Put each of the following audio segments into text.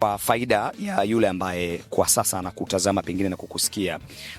Kwa faida ya yule ambaye kwa sasa anakutazama pengine na kukusikia,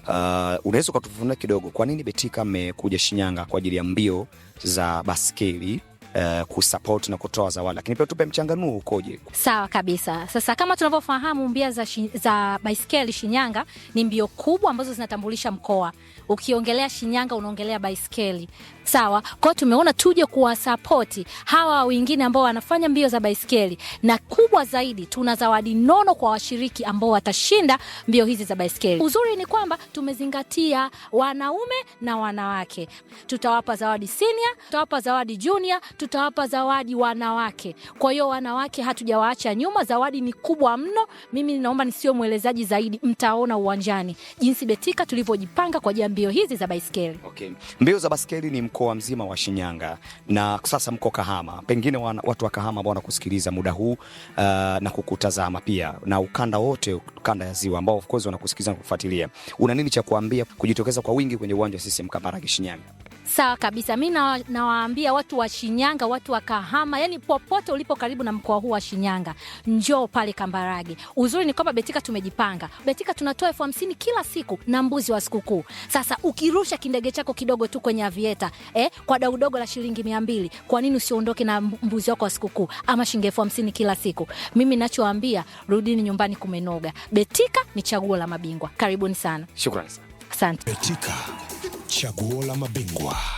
uh, unaweza ukatufunua kidogo, kwa nini Betika mmekuja Shinyanga kwa ajili ya mbio za baskeli Eh, kusupport na kutoa zawadi, lakini pia tupe mchanganuo ukoje. Sawa kabisa. Sasa kama tunavyofahamu mbia za, shi, za baiskeli Shinyanga ni mbio kubwa ambazo zinatambulisha mkoa. Ukiongelea Shinyanga unaongelea baiskeli. Sawa, kwa tumeona tuje kuwasapoti hawa wengine ambao wanafanya mbio za baiskeli, na kubwa zaidi tuna zawadi nono kwa washiriki ambao watashinda mbio hizi za baiskeli. Uzuri ni kwamba tumezingatia wanaume na wanawake, tutawapa zawadi senior, tutawapa zawadi junior, tuta tutawapa zawadi wanawake. Kwa hiyo wanawake hatujawaacha nyuma, zawadi ni kubwa mno. Mimi naomba nisiwe mwelezaji zaidi, mtaona uwanjani jinsi Betika tulivyojipanga kwa ajili ya mbio hizi za baiskeli. Okay. Mbio za baiskeli ni mkoa mzima wa Shinyanga na sasa mko Kahama, pengine wana, watu wa Kahama ambao wanakusikiliza muda huu uh, na kukutazama pia na ukanda wote, ukanda ya Ziwa ambao of course wanakusikiliza na kufuatilia, una nini cha kuambia kujitokeza kwa wingi kwenye uwanja wa CCM Kambarage Shinyanga? Sawa kabisa, mi nawaambia watu wa Shinyanga, watu wa Kahama, yani popote ulipo karibu na mkoa huu wa Shinyanga, njoo pale Kambarage. Uzuri ni kwamba Betika tumejipanga. Betika tunatoa elfu hamsini kila siku na mbuzi wa sikukuu. Sasa ukirusha kindege chako kidogo tu kwenye avieta eh, kwa dau dogo la shilingi mia mbili, kwa nini usiondoke na mbuzi wako wa sikukuu ama shilingi elfu hamsini kila siku? Mimi nachoambia, rudini nyumbani, kumenoga. Betika ni chaguo la mabingwa. Karibuni sana, shukrani sana, asante Betika. Chaguo la Mabingwa.